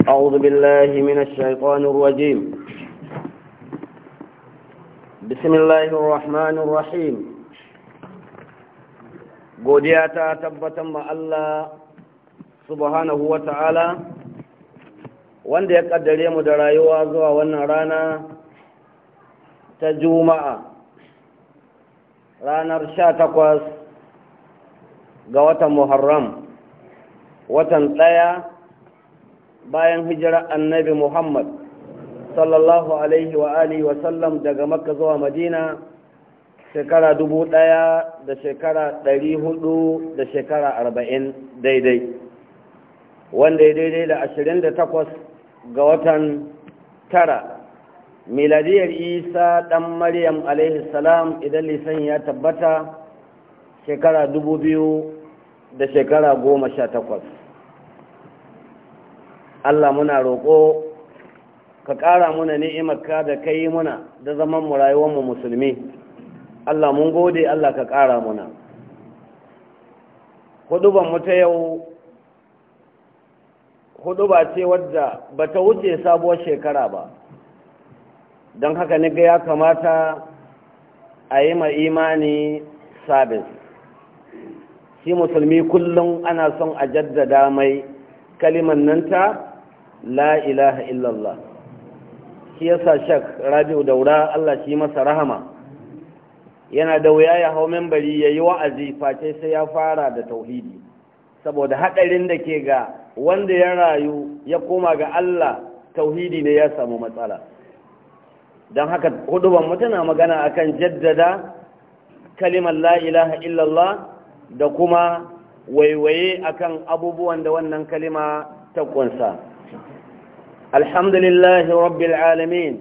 أعوذ بالله من الشيطان godiya ta tabbatar ma Allah subhanahu wa ta'ala wanda ya kaddare mu da rayuwa zuwa wannan rana ta juma'a ranar sha takwas ga watan muharram watan ɗaya bayan hijirar annabi muhammad sallallahu alaihi wa alihi wa sallam daga makka zuwa madina shekara dubu ɗaya da shekara ɗari hudu da shekara arba'in daidai wanda ya daidai da ashirin da takwas ga watan tara miladiyar isa ɗan maryam alaihi salam idan lisan ya tabbata shekara dubu biyu da shekara goma sha takwas Allah muna roƙo ka ƙara muna ni'imarka da kai muna da zaman mu rayuwar mu musulmi Allah mun gode Allah ka ƙara muna huduban mu ta yau huduba ce wadda ba ta wuce sabuwar shekara ba don haka ni ga ya kamata a yi ma imani sabis shi musulmi kullum ana son a jaddada mai kaliman nan la ilaha illallah shi yasa shak rabi'u daura Allah shi masa rahama yana da wuya ya hau membari ya yi wa'azi face sai ya fara da tauhidi saboda haɗarin da ke ga wanda ya rayu ya koma ga Allah tauhidi ne ya samu matsala don haka huduban mutuna magana akan jaddada kalimar la ilaha illallah da kuma waiwaye akan abubuwan da wannan kalima ta kunsa الحمد لله رب العالمين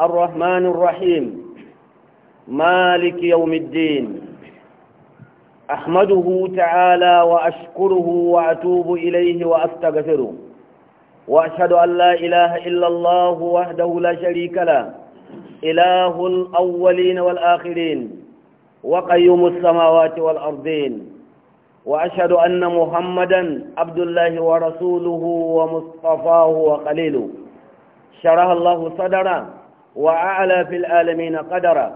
الرحمن الرحيم مالك يوم الدين أحمده تعالى وأشكره وأتوب إليه وأستغفره وأشهد أن لا إله إلا الله وحده لا شريك له إله الأولين والآخرين وقيوم السماوات والأرضين وأشهد أن محمدا عبد الله ورسوله ومصطفاه وقليله شرح الله صدرا وأعلى في العالمين قدرا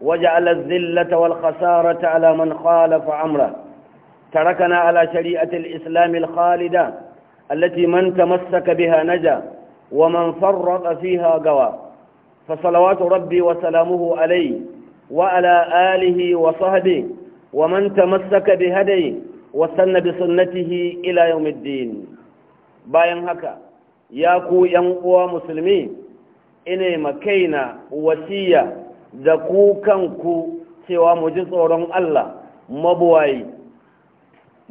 وجعل الذلة والخسارة على من خالف عمره تركنا على شريعة الإسلام الخالدة التي من تمسك بها نجا ومن فرق فيها قوى فصلوات ربي وسلامه عليه وعلى آله وصحبه ومن تمسك بهدي وسن بسنته إلى يوم الدين bayan haka ya ku ‘yan uwa musulmi ina makaina wasiya da ku kanku cewa mu ji tsoron Allah mabuwayi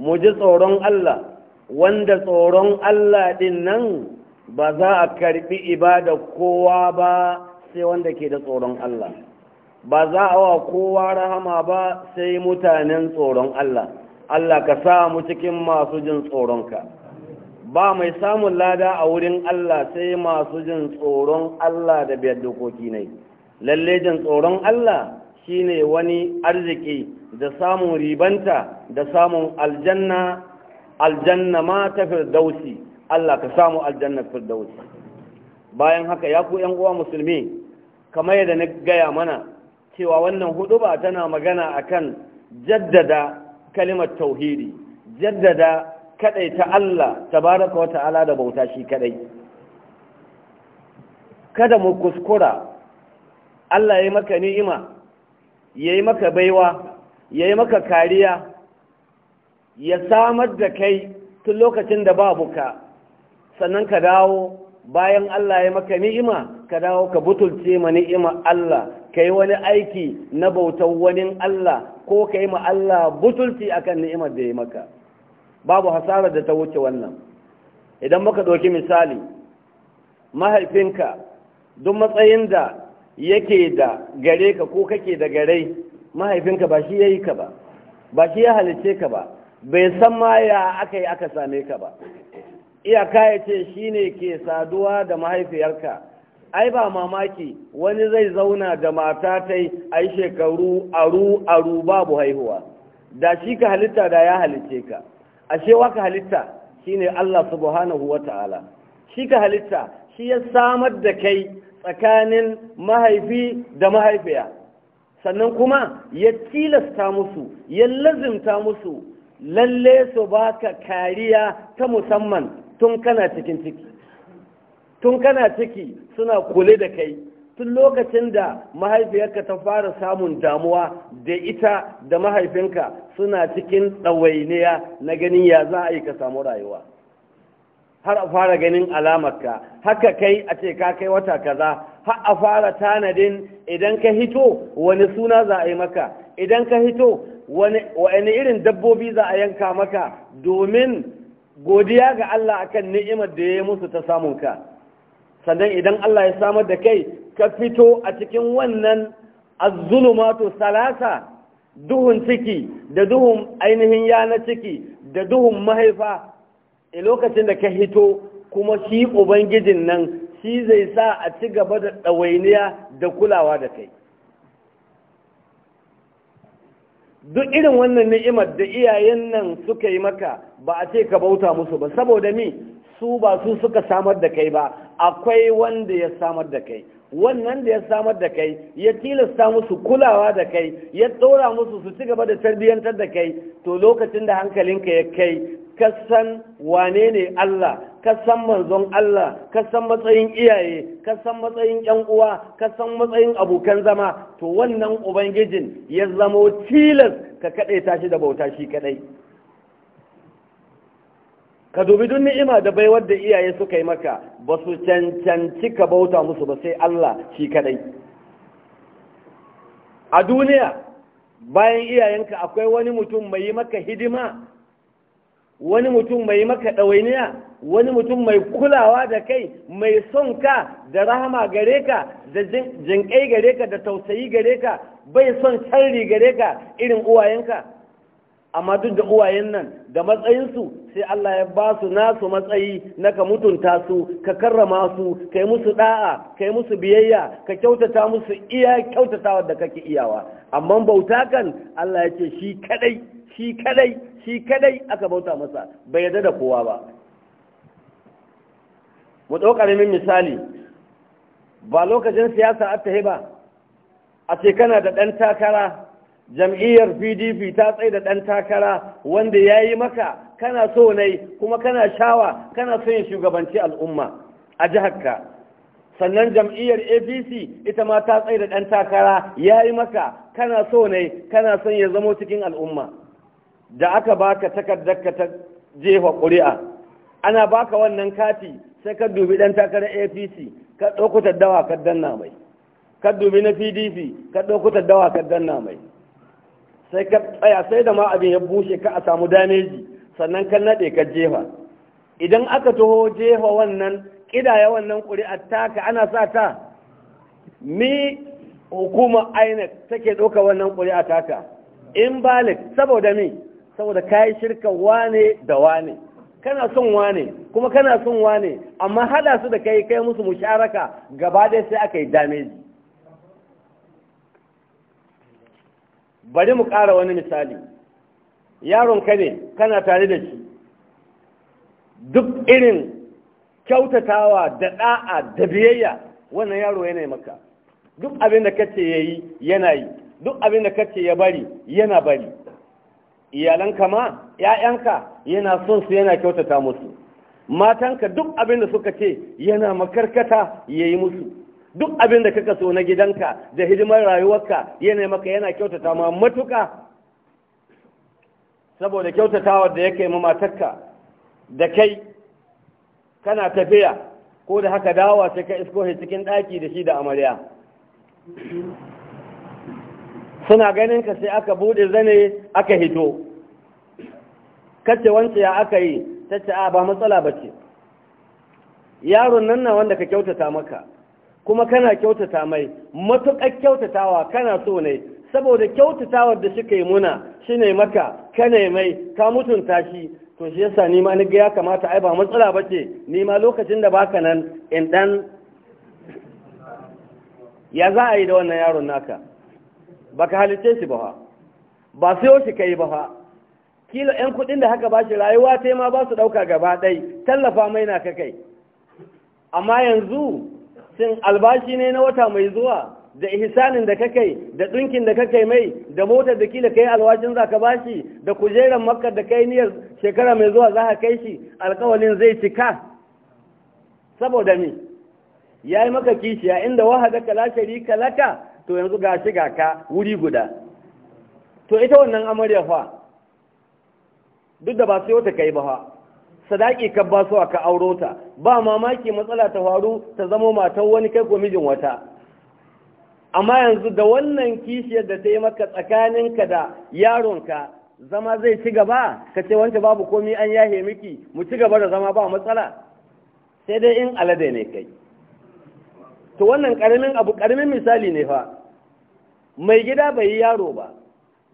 mu ji tsoron Allah wanda tsoron Allah ɗin nan ba za a karɓi ibada kowa ba sai wanda ke da tsoron Allah ba za a wa kowa rahama ba sai mutanen tsoron Allah Allah ka sa mu cikin masu jin tsoronka ba mai samun lada a wurin Allah sai masu jin tsoron Allah da biyar dokoki ne lalle jin tsoron Allah shine wani arziki da samun ribanta da samun aljanna aljanna ma ta firdausi Allah ka samu aljanna firdausi bayan haka ya ku yan uwa musulmi kamar yadda na gaya mana cewa wannan hudu ba tana magana akan jaddada kalimar tauhidi jaddada ta Allah ta tabaraka wata'ala da bauta shi kadai kada mu kuskura Allah ya yi maka ni'ima ya yi maka baiwa ya yi maka kariya ya samar da kai tun lokacin da babu ka sannan ka dawo bayan Allah ya maka ni'ima ka dawo ka butulce ma ni'ima Allah ka yi wani aiki na bautan wani Allah ko ka yi ma Allah butulci akan ni'imar da ya maka babu hasarar da ta wuce wannan idan muka ɗauki misali mahaifinka duk matsayin da yake da gare ka ko kake da gare mahaifinka ba shi ya yi ka ba ba shi ya halice ka ba bai san ma ya aka yi aka same ka ba iyaka ya ce shi ne ke saduwa da mahaifiyarka ai ba mamaki wani zai zauna da mata ta yi shekaru aru aru babu haihuwa da shi ka halitta da ya halicce ka ashe waka halitta shine Allah subhanahu wa ta'ala shi ka halitta shi ya samar da kai tsakanin mahaifi da mahaifiya sannan kuma ya tilasta musu ya lazimta musu lalle su baka kariya ta musamman tun kana cikin ciki tun kana ciki suna kule da kai tun lokacin da mahaifiyarka ta fara samun damuwa da ita da mahaifinka suna cikin ɗawainiya na ganin ya za a yi ka samu rayuwa har a fara ganin alamarka haka kai a ce ka kai wata kaza har a fara tanadin idan ka hito wani suna za a yi maka idan ka hito wani irin dabbobi za a yanka maka domin godiya ga Allah akan ni'imar da ya yi musu ta samunka sannan idan Allah ya samar da kai ka fito a cikin wannan azzulumatu salasa duhun ciki da duhun ainihin yana ciki da duhun mahaifa a lokacin da ka hito kuma shi ubangijin nan shi zai sa a ci gaba da ɗawainiya da kulawa da kai duk irin wannan ni'imar da iyayen nan suka yi maka ba a ce ka bauta musu ba saboda mi su ba su suka samar da kai ba akwai wanda ya samar da kai wannan da ya samar da kai ya tilasta musu kulawa da kai ya tsora musu su ci gaba da tarbiyyantar da kai to lokacin da hankalinka ya kai kasan wane ne Allah kasan manzon Allah kasan matsayin iyaye kasan matsayin yan uwa kasan matsayin abokan zama to wannan ubangijin ya zamo tilas ka kaɗai tashi da bauta shi kaɗai ka dubi duk ni'ima da baiwar da iyaye suka yi maka ba su cancanci ka bauta musu ba sai Allah shi kadai a duniya bayan iyayenka akwai wani mutum mai yi maka hidima wani mutum mai maka ɗawainiya wani mutum mai kulawa da kai mai son ka da rahama gare ka da jinƙai gare ka da tausayi gare ka bai son canri gare ka irin uwayenka amma duk da uwayen nan da matsayinsu sai Allah ya ba su nasu matsayi na ka mutunta su ka karrama su ka yi musu da'a ka yi musu biyayya ka kyautata musu iya kyautatawa da kake iyawa amma bauta kan Allah ya ce shi kadai shi kadai shi kadai aka bauta masa bai yarda da kowa ba mu ɗau ƙaramin misali ba lokacin siyasa a ba a ce kana da ɗan takara jam'iyyar pdp ta tsaye da ɗan takara wanda ya yi maka kana so ne kuma kana shawa kana so yin shugabanci al'umma a jihar ka sannan jam'iyyar apc ita ma ta tsaye da ɗan takara ya yi maka kana so ne kana son ya zamo cikin al'umma da aka baka ka ta jefa ƙuri'a ana baka wannan kati sai ka dubi ɗan takarar apc ka ɗauko dawa ka danna mai ka dubi na pdp ka ɗauko dawa ka danna mai sai ka tsaya sai da ma abin ya bushe ka a samu dameji sannan ka naɗe ka jefa idan aka taho jefa wannan kidaya wannan a taka ana sa ta mi hukumar inec take ɗauka wannan ƙuri'a taka in balik saboda mi saboda kayi shirka wane da wane kana son wane kuma kana son wane amma hada su da kai kai musu musharaka gaba ɗaya sai aka yi dameji bari mu ƙara wani misali yaron ka ne kana tare da shi duk irin kyautatawa da ɗa'a da biyayya wannan yaro yana maka duk abin da kace ya yi yana yi duk abin da kace ya bari yana bari iyalanka ma ‘ya'yanka yana son su yana kyautata musu matanka duk abin da suka ce yana makarkata ya yi musu duk abin da kaka so na gidanka da hidimar rayuwarka yana maka yana kyautata ma matuka saboda kyautatawa da yake ma matarka da kai kana tafiya ko da haka dawa sai ka isko shi cikin ɗaki da shi da amarya suna ganin ka sai aka bude zane aka hito kace wance ya aka yi tace a ba matsala bace yaron nan na wanda ka kyautata maka kuma kana kyautata mai matuƙar kyautatawa kana so ne saboda kyautatawar da suka yi muna shi ne maka ka mai ka mutunta shi to shi yasa ni ma ga ya kamata ai ba matsala ba ce ni ma lokacin da baka nan in dan ya za a yi da wannan yaron naka baka halice shi ba ba sai shi kai ba kila 'yan kuɗin da haka ba shi rayuwa ta ma ba su ɗauka gaba ɗai tallafa mai na kai. amma yanzu shin albashi ne na wata mai zuwa da ihsanin da kakai da ɗinkin da kakai mai da motar da kila kai alwashin za ka bashi da kujerar makar da kai niyyar shekara mai zuwa za ka kai shi alkawalin zai cika saboda ni, ya yi maka kishiya inda wahada kala sharika laka to yanzu ga shi ga ka wuri guda to ita wannan amarya fa duk da ba sai wata kai ba fa sadaki ka ba su aka auro ta ba mamaki matsala ta faru ta zama matan wani kai ko mijin wata amma yanzu da wannan kishiyar da ta yi maka tsakaninka da yaronka zama zai ci gaba ka ce wancan babu komi an yahe miki mu ci gaba da zama ba matsala sai dai in alade ne kai to wannan karamin abu karamin misali ne fa mai gida bai yi yaro ba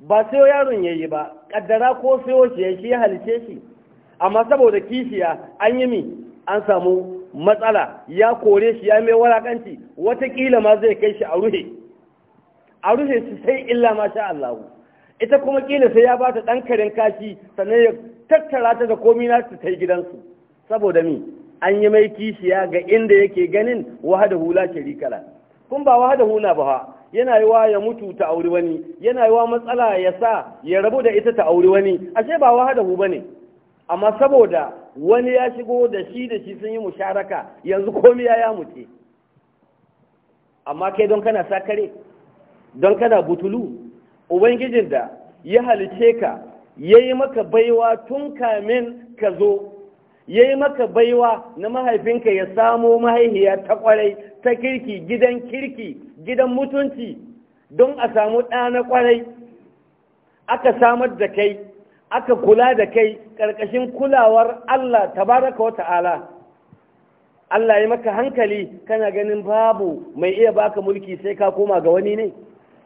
ba sai yaron yayi ba kaddara ko sai shi ya shi halice shi amma saboda kishiya an yi mi an samu matsala ya kore shi ya mai walakanci watakila ma zai kai shi a ruhe a ruhe shi sai illa ma sha Allahu ita kuma kila sai ya ba ta ɗan karin kashi sannan ya tattara ta da komi na su ta gidansu saboda mi an yi mai kishiya ga inda yake ganin wahada hula sharikala kun ba wahada huna ba yana yi wa ya mutu ta auri wani yana yi wa matsala ya sa ya rabu da ita ta auri wani ashe ba wahada hu ba ne amma saboda wani ya shigo da shi da shi sun yi musharaka yanzu komiya ya mutu amma kai don kana sakare don kana butulu ubangijin da ya halice ka ya yi maka baiwa tun kamin ka zo ya yi maka baiwa na mahaifinka ya samo mahaihiya ta kwarai ta kirki gidan kirki gidan mutunci don a samu ɗa na kwarai aka samar da kai aka kula da kai ƙarƙashin kulawar Allah tabaraka wa ta'ala Allah ya maka hankali kana ganin babu mai iya baka mulki sai ka koma ga wani ne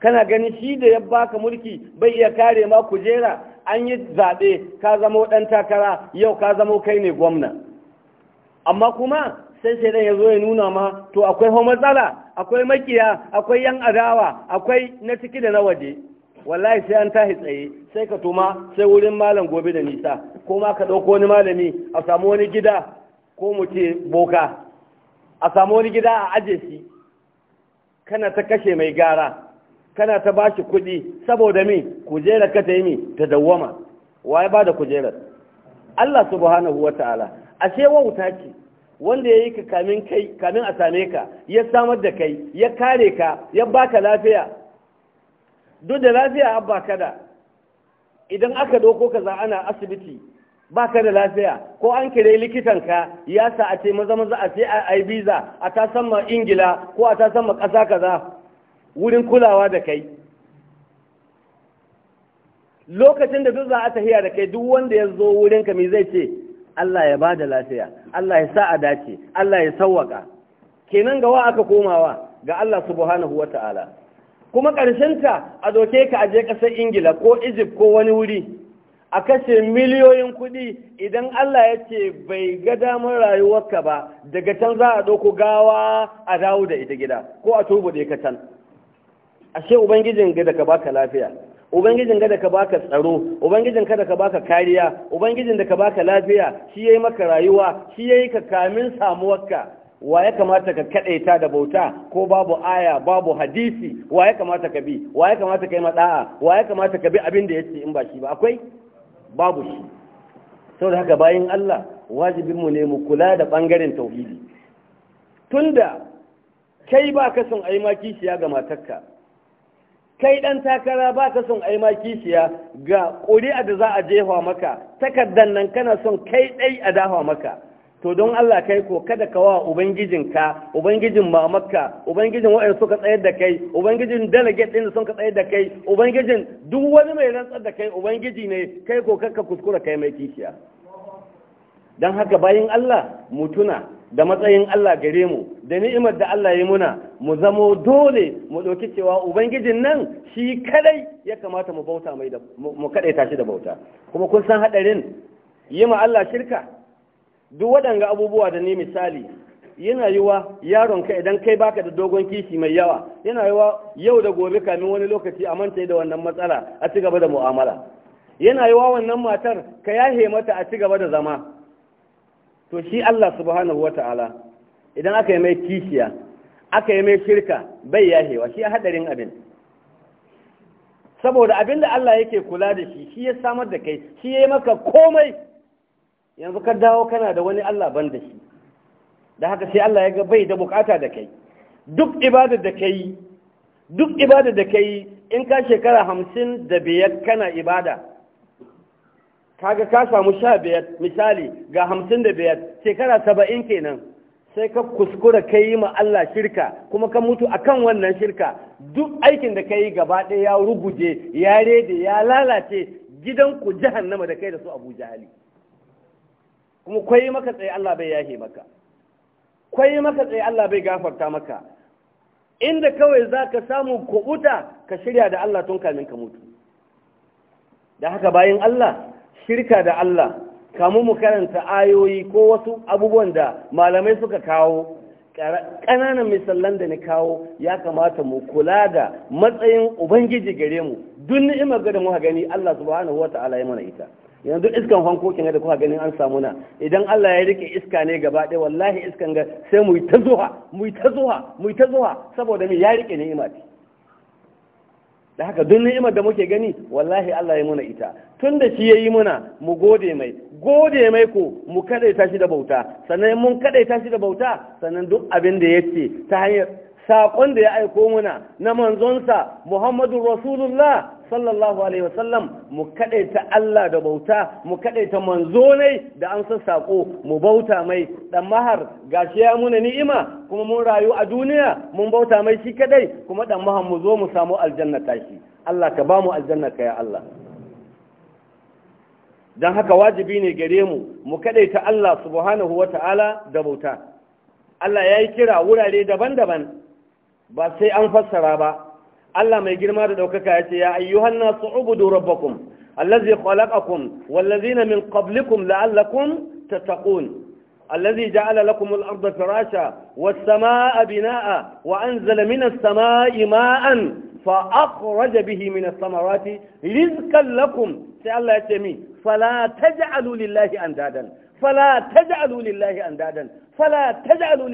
kana ganin shi da ya baka mulki bai iya kare ma kujera an yi zaɓe ka zamo ɗan takara yau ka zamo kai ne gwamna amma kuma sai shaidan ya zo ya nuna ma to akwai matsala akwai makiya akwai yan adawa akwai na ciki da na waje wallahi sai an tahi tsaye sai ka tuma sai wurin malam gobe da nisa ko ma ka ɗauko wani malami a samu wani gida ko mu ce boka a samu wani gida a aje shi kana ta kashe mai gara kana ta bashi kuɗi saboda mi kujerar ka ta yi mi ta dawwama waye ba da kujerar Allah subhanahu wa ta'ala ashe wauta ce wanda ya yi ka kamin kai kamin a same ka ya samar da kai ya kare ka ya baka lafiya duk da lafiya abba kada idan aka doko ka za ana asibiti ba ka da lafiya ko an kire likitanka ya sa a ce maza maza a ce a biza a ta sama ingila ko a ta sama ƙasa kaza wurin kulawa da kai lokacin da duk za a tahiya da kai duk wanda ya zo wurin ka me zai ce Allah ya ba da lafiya Allah ya sa a dace Allah ya sawwaka kenan gawa aka komawa ga Allah subhanahu ta'ala kuma ƙarshen ta, a doke ka aje ƙasar ingila ko egypt ko wani wuri a kashe miliyoyin kuɗi idan allah ya ce bai ga damar rayuwarka ba daga can za a ɗauko gawa a dawo da ita gida ko a turbuɗe ka can ashe ubangijin ga da ka baka lafiya ubangijin ga da ka baka tsaro ubangijin ka da ka baka kariya ubangijin da ka baka lafiya shi ya yi maka rayuwa shi ya yi ka kamin samuwarka wa ya kamata ka kadaita da bauta ko babu aya babu hadisi wa ya kamata ka bi wa ya kamata ka yi mada'a wa ya kamata ka bi abin da ya ce in ba shi ba akwai babu shi Sau da haka bayan Allah wajibinmu ne mu kula da ɓangaren tauhidi tunda kai ba ka son ayi ma kishiya ga matakka kai ɗan takara ba ka son ayi ma kishiya ga ƙuri'a da za a jefa maka takardar nan kana son kai ɗai a dafa maka to don Allah kai ko kada ka wa ubangijinka ubangijin mamakka ubangijin waɗanda suka tsayar da kai ubangijin delegate ɗin da suka tsayar da kai ubangijin duk wani mai rantsar da kai ubangiji ne kai ko kakka kuskura kai mai kishiya don haka bayan Allah mutuna da matsayin Allah gare mu da ni'imar da Allah ya muna mu zamo dole mu ɗauki cewa ubangijin nan shi kadai ya kamata mu bauta mai da mu kadaita tashi da bauta kuma kun san hadarin yi ma Allah shirka duk waɗanga abubuwa da ne misali yana yiwa yaron ka idan kai baka da dogon kishi mai yawa yana yiwa yau da gobe kamin wani lokaci a manta da wannan matsala a ci gaba da mu'amala yana yiwa wannan matar ka yahe mata a ci gaba da zama to shi Allah subhanahu wata'ala idan aka yi mai kishiya aka yi mai shirka bai yahewa shi a hadarin abin saboda abin da Allah yake kula da shi shi ya samar da kai shi ya yi maka komai yanzu ka dawo kana da wani Allah ban da shi da haka sai Allah ya ga bai da bukata da kai duk ibadar da kai duk ibadar da kai in ka shekara hamsin da biyar kana ibada kaga ka samu sha biyar misali ga hamsin da biyar shekara saba'in kenan sai ka kuskura ka yi ma Allah shirka kuma ka mutu akan wannan shirka duk aikin da ka yi gaba ɗaya ya ruguje ya rede ya lalace gidan gidanku jahannama da kai da su abu jahali kuma kwai maka tsaye Allah bai yahe maka kwai maka tsaye Allah bai gafarta maka inda kawai za ka samu kubuta ka shirya da Allah tun kamin ka mutu da haka bayan Allah shirka da Allah kamu mu karanta ayoyi ko wasu abubuwan da malamai suka kawo ƙananan misallan da ni kawo ya kamata mu kula da matsayin ubangiji gare mu duk ni'imar ga da muka gani Allah subhanahu ta'ala ya mana ita yanzu iskan kin da kuka ganin an samu na idan Allah ya rike iska ne gaba ɗaya wallahi iskan ga sai mu yi ta zuwa mu yi ta zuwa mu yi ta zuwa saboda me ya rike ni'ima ce da haka duk ni'imar da muke gani wallahi Allah ya muna ita tun da shi ya yi muna mu gode mai gode mai ko mu kadaita shi da bauta sannan mun kadaita shi da bauta sannan duk abin da ya ta hanyar saƙon da ya aiko muna na manzonsa Muhammadu Rasulullah sallallahu alaihi wasallam mu kadaita Allah da bauta mu kadaita manzo ne da an san sako mu bauta mai dan mahar gashi ya muna ni'ima kuma mun rayu a duniya mun bauta mai shi kadai kuma dan mahar mu zo mu samu aljanna tashi Allah ka ba mu aljanna ka ya Allah dan haka wajibi ne gare mu mu kadaita Allah subhanahu ta'ala da bauta Allah ya yi kira wurare daban-daban ba sai an fassara ba Allah mai girma da ɗaukaka ya ce ya ayyuhan nasu ubudu rabbakum allazi khalaqakum wallazi na min qablikum la'allakum tattaqun allazi ja'ala lakum al-ardha firasha was-samaa'a bina'a wa anzala minas sama'i ma'an fa akhraja bihi minas thamarati rizqan lakum sai Allah ya ce mi fala taj'alu lillahi andadan fala taj'alu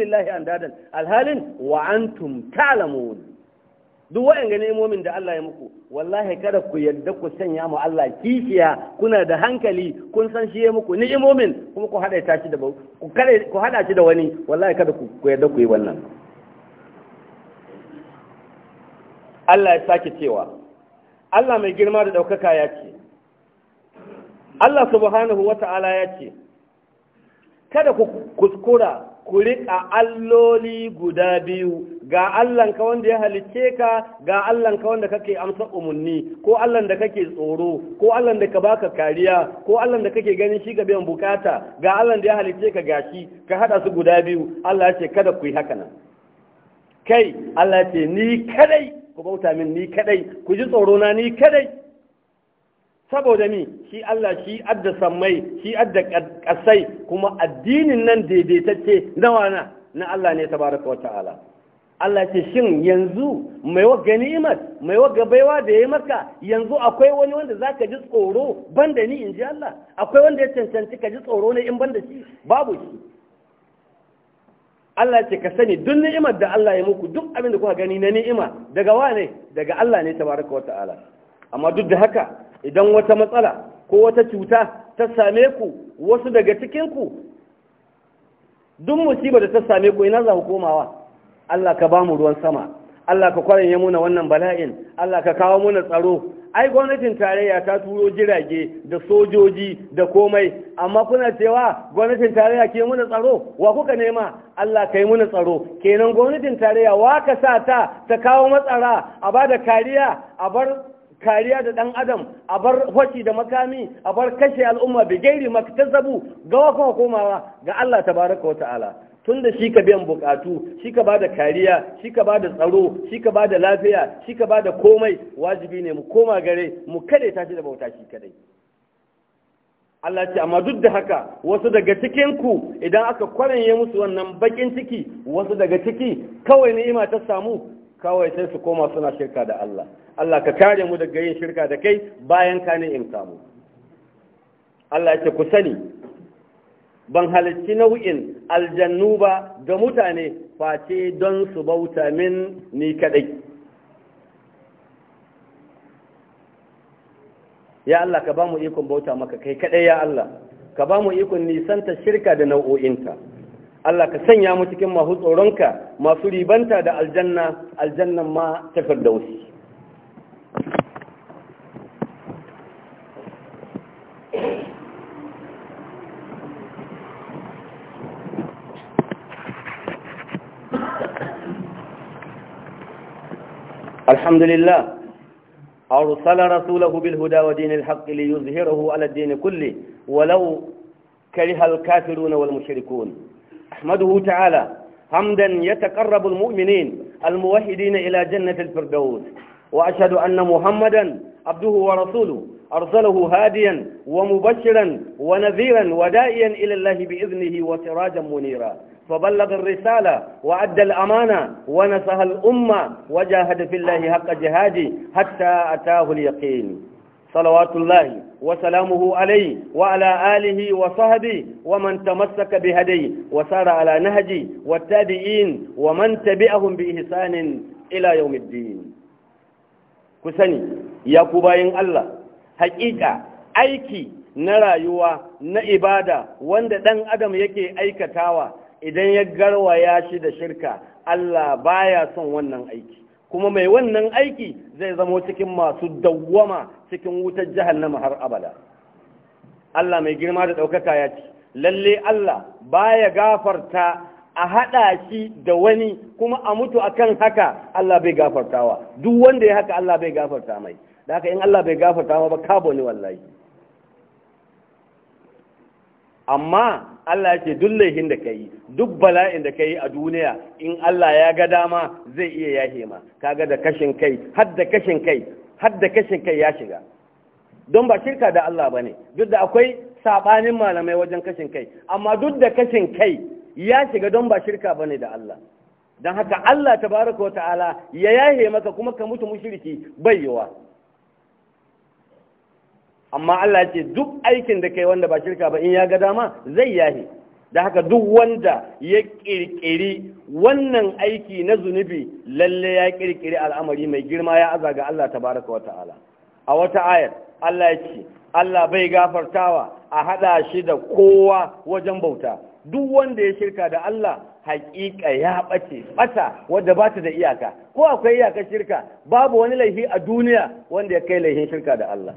alhalin wa antum ta'lamun duk wa'in ga nemomin da Allah ya muku wallahi kada ku yadda ku sanya mu Allah kikiya. kuna da hankali kun san shi ya muku ni'imomin kuma ku hada shi da ku kada ku hada shi da wani wallahi kada ku yadda ku yi wannan Allah ya sake cewa Allah mai girma da daukaka ya ce Allah subhanahu wata'ala ya ce kada ku kuskura ku riƙa alloli guda biyu ga Allahnka wanda ya halicce ka ga Allahnka wanda kake amsa umarni ko Allahn da kake tsoro ko Allahn da ka baka kariya ko Allahn da kake ganin shi ga biyan bukata ga Allahn da ya halicce ka gashi ka hada su guda biyu Allah ya ce kada ku yi haka nan kai Allah ya ce ni kadai ku bauta min ni kadai ku ji tsoro na ni kadai saboda mi shi Allah shi adda sammai shi adda kasai kuma addinin nan daidaitacce nawa na na Allah ne tabaraka wa ta'ala Allah ce shin yanzu mai wa ganimar mai wa gabaiwa da yayi maka yanzu akwai wani wanda zaka ji tsoro banda ni inji Allah akwai wanda ya cancanci ka ji tsoro ne in banda shi babu shi Allah ce ka sani duk ni'imar da Allah ya muku duk abin da kuka gani na ni'ima daga wane daga Allah ne tabaraka wa ta'ala amma duk da haka idan wata matsala ko wata cuta ta same ku wasu daga cikinku duk musibar da ta same ku ina za ku komawa Allah ka ba mu ruwan sama Allah ka ya muna wannan bala'in Allah ka kawo muna tsaro ai gwamnatin tarayya ta turo jirage da sojoji da komai amma kuna cewa gwamnatin tarayya ke muna tsaro wa kuka nema Allah ka yi muna tsaro kenan gwamnatin tarayya wa ka sa ta ta kawo matsara a ba da kariya a bar kariya da ɗan adam a bar hoci da makami a bar kashe al'umma bi gairi maktazabu ga wa kuma komawa ga Allah Ta tabaraka wata'ala tun da shi ka biyan bukatu shi ka bada kariya shi ka bada tsaro shi ka bada lafiya shi ka bada komai wajibi ne mu koma gare mu ta tashi da bauta shi kaɗai. Allah ce amma duk da haka wasu daga cikin ku idan aka kwaranye musu wannan bakin ciki wasu daga ciki kawai ni'ima ta samu kawai sai su koma suna shirka da Allah Allah ka kare mu daga yin shirka da kai bayan ka ne samu. Allah ya ce ku sani ban halarci nau'in aljannu ba ga mutane face don su bauta min ni kadai ya Allah ka ba mu ikon bauta maka kai kadai ya Allah ka ba mu ikon nisanta shirka da nau'o'inta Allah ka sanya mu cikin mahu tsoronka masu ribanta da aljanna aljannan ma ta wasu. الحمد لله أرسل رسوله بالهدى ودين الحق ليظهره على الدين كله ولو كره الكافرون والمشركون أحمده تعالى حمدا يتقرب المؤمنين الموحدين إلى جنة الفردوس وأشهد أن محمدا عبده ورسوله أرسله هاديا ومبشرا ونذيرا ودائيا إلى الله بإذنه وسراجا منيرا فبلغ الرسالة وأدى الأمانة ونصح الأمة وجاهد في الله حق جهاده حتى أتاه اليقين صلوات الله وسلامه عليه وعلى آله وصحبه ومن تمسك بهديه وسار على نهجه والتابعين ومن تبعهم بإحسان إلى يوم الدين كسني يا كوباين الله حقيقة أيكي na rayuwa na ibada wanda ɗan adam yake aikatawa idan ya garwaya shi da shirka Allah baya son wannan aiki kuma mai wannan aiki zai zamo cikin masu dawwama cikin wutar na mahar abada Allah mai girma da ɗaukaka ya ce lalle Allah baya gafarta a haɗa shi da wani kuma a mutu akan haka Allah bai gafartawa duk wanda ya haka Allah bai gafarta mai da haka in Allah bai gafarta ma ba kabo ne wallahi amma Allah ya ce duk laihin da kai duk bala'in da kai a duniya in Allah ya ga dama zai iya yahe ma kaga da kashin kai har da kashin kai har da kashin kai ya shiga don ba shirka da Allah bane duk da akwai sabanin malamai wajen kashin kai amma duk da kashin kai ya shiga don ba shirka bane da Allah dan haka Allah tabaraka wa ta'ala ya yahe maka kuma ka mutu mushriki bayyawa amma Allah ya ce duk aikin da kai wanda ba shirka ba in ya ga dama zai yahi da haka duk wanda ya kirkiri wannan aiki na zunubi lalle ya kirkiri al'amari mai girma ya aza ga Allah tabaraka wa ta'ala a wata ayar Allah ya ce Allah bai gafartawa a hada shi da kowa wajen bauta duk wanda ya shirka da Allah haƙiƙa ya bace bata wadda ba ta da iyaka ko akwai iyakar shirka babu wani laifi a duniya wanda ya kai laifin shirka da Allah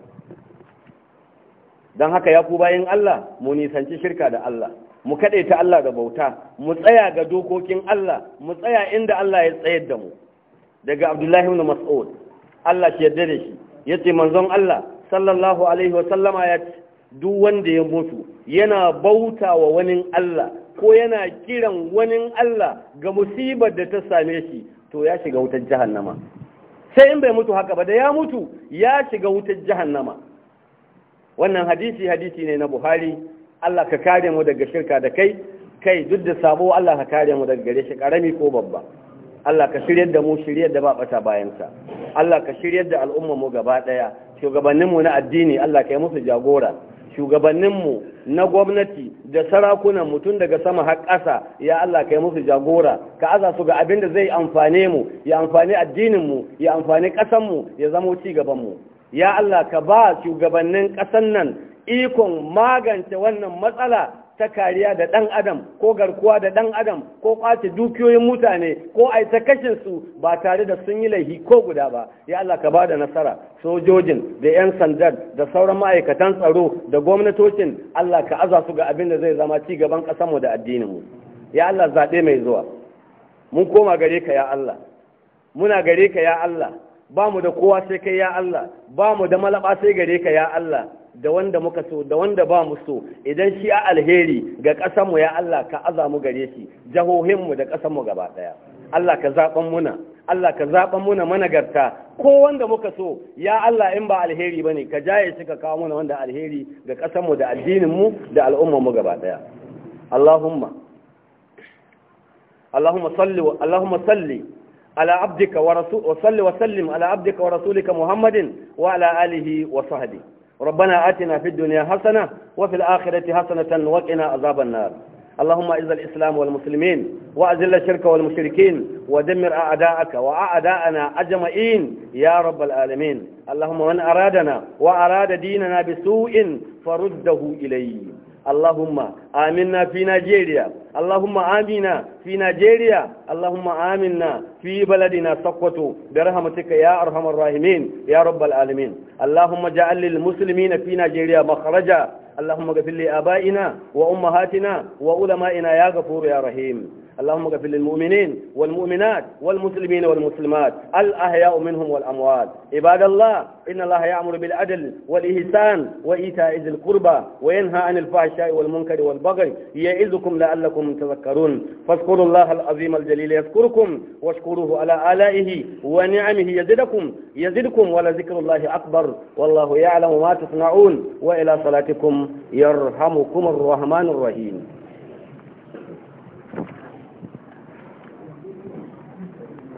don haka ya ku bayan Allah mu nisanci shirka da Allah mu kaɗe ta Allah da bauta mu tsaya ga dokokin Allah mu tsaya inda Allah ya tsayar da mu daga Abdullahi ibn Mas'ud Allah shi yarda da shi yace manzon Allah sallallahu alaihi wa sallama ya duk wanda ya mutu yana bauta wa wani Allah ko yana kiran wani Allah ga musibar da ta same shi to ya shiga wutar jahannama sai in bai mutu haka ba da ya mutu ya shiga wutar jahannama wannan hadisi hadisi ne na buhari Allah ka kare mu daga shirka da kai kai duk da sabo Allah ka kare mu daga gare shi karami ko babba Allah ka shiryar da mu shiryar da ba bata bayansa Allah ka shiryar da al'umma mu gaba daya shugabannin mu na addini Allah ka yi musu jagora shugabannin mu na gwamnati da sarakunan tun daga sama har ƙasa ya Allah ka yi musu jagora ka aza su ga abin da zai amfane mu ya amfani addinin mu ya amfani ƙasar mu ya zama ci gaban mu ya Allah ka ba shugabannin ƙasar nan ikon magance wannan matsala ta kariya da ɗan adam ko garkuwa da ɗan adam ko ƙwace dukiyoyin mutane ko a ta kashin su ba tare da sun yi laihi ko guda ba ya Allah ka ba da nasara sojojin da 'yan sandar da sauran ma'aikatan tsaro da gwamnatocin Allah ka aza su ga abin da zai zama ci gaban ƙasarmu da addininmu ya Allah zaɓe mai zuwa mun koma gare ka ya Allah muna gare ka ya Allah ba mu da kowa sai kai ya Allah ba mu da malaba sai gare ka ya Allah da wanda muka so da wanda ba mu so idan shi a alheri ga ƙasarmu ya Allah ka aza mu gare shi jahohinmu da ƙasarmu gaba ɗaya Allah ka zaɓan muna Allah ka zaɓan muna managarta ko wanda muka so ya Allah in ba alheri bane ka jaye shi ka kawo muna wanda alheri ga ƙasanmu da addininmu da al'ummarmu gaba ɗaya Allahumma Allahumma salli Allahumma salli على عبدك ورسول وصل وسلم على عبدك ورسولك محمد وعلى آله وصحبه ربنا آتنا في الدنيا حسنة وفي الآخرة حسنة وقنا عذاب النار اللهم اعز الإسلام والمسلمين وأذل الشرك والمشركين ودمر أعداءك وأعداءنا أجمعين يا رب العالمين اللهم من أرادنا وأراد ديننا بسوء فرده إليه Allahumma aminna fi Najeriya, Allahumma amina fi Najeriya, Allahumma amina fi baladina Sokoto, bi rahmatika ya arhamar rahimin ya rabbal alamin. Allahumma musulmi na fi Najeriya makharaja, Allahumma gafin li abaina wa ummahatina wa ulama'ina ya gafuru ya rahim. اللهم اغفر للمؤمنين والمؤمنات والمسلمين والمسلمات الأحياء منهم والأموات عباد الله إن الله يأمر بالعدل والإحسان وإيتاء ذي القربى وينهى عن الفحشاء والمنكر والبغي يعظكم لعلكم تذكرون فاذكروا الله العظيم الجليل يذكركم واشكروه على آلائه ونعمه يزدكم يزدكم ولذكر الله أكبر والله يعلم ما تصنعون وإلى صلاتكم يرحمكم الرحمن الرحيم